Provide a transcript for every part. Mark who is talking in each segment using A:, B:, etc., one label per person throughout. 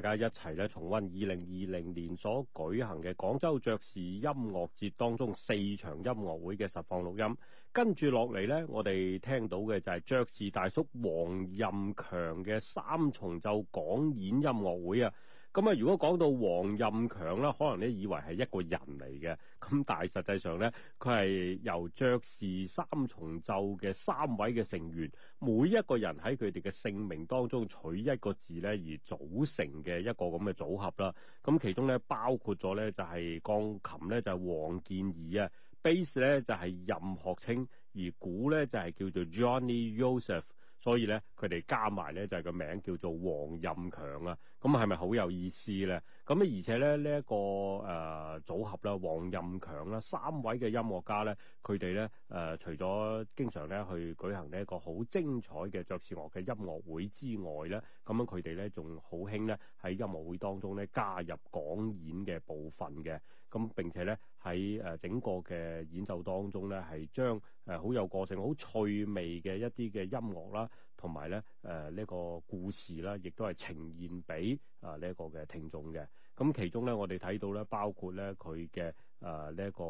A: 大家一齊咧，重溫二零二零年所舉行嘅廣州爵士音樂節當中四場音樂會嘅實況錄音，跟住落嚟咧，我哋聽到嘅就係爵士大叔黃任強嘅三重奏講演音樂會啊。咁啊，如果講到黃任強啦，可能你以為係一個人嚟嘅，咁但係實際上咧，佢係由爵士三重奏嘅三位嘅成員，每一個人喺佢哋嘅姓名當中取一個字咧，而組成嘅一個咁嘅組合啦。咁其中咧包括咗咧就係鋼琴咧就係黃建儀啊，bass 咧就係任學清，而鼓咧就係叫做 Johnny Joseph。所以咧，佢哋加埋咧就係個名叫做黃任強啊，咁係咪好有意思咧？咁而且咧呢一個誒組合啦，黃任強啦，三位嘅音樂家咧，佢哋咧除咗經常咧去舉行呢一個好精彩嘅爵士樂嘅音樂會之外咧，咁樣佢哋咧仲好興咧喺音樂會當中咧加入講演嘅部分嘅。咁並且咧喺誒整個嘅演奏當中咧，係將誒好有個性、好趣味嘅一啲嘅音樂啦，同埋咧誒呢個故事啦，亦都係呈現俾啊呢一個嘅聽眾嘅。咁其中咧，我哋睇到咧，包括咧佢嘅誒呢一個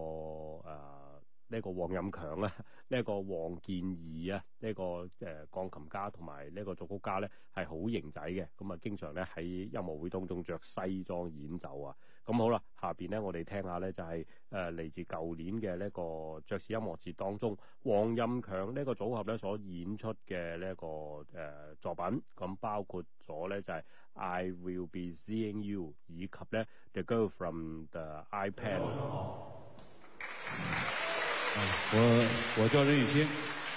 A: 誒呢個黃任強啦，呢一個黃建怡啊，呢個誒鋼琴家同埋呢個作曲家咧，係好型仔嘅。咁啊，經常咧喺音樂會當中着西裝演奏啊。咁好啦，下邊咧，我哋聽下咧，就係誒嚟自舊年嘅呢個爵士音樂節當中，黃任強呢個組合咧所演出嘅呢、這個誒、呃、作品，咁、嗯、包括咗咧就係、是、I will be seeing you 以及咧 The Girl from the iPad。啊、我我叫任宇星，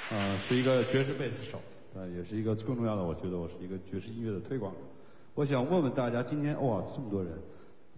A: 啊，是一個爵
B: 士貝斯手，啊，也是一個更重要的，我覺得我是一個爵士音樂的推廣。我想問問大家，今天哇，這麼多人。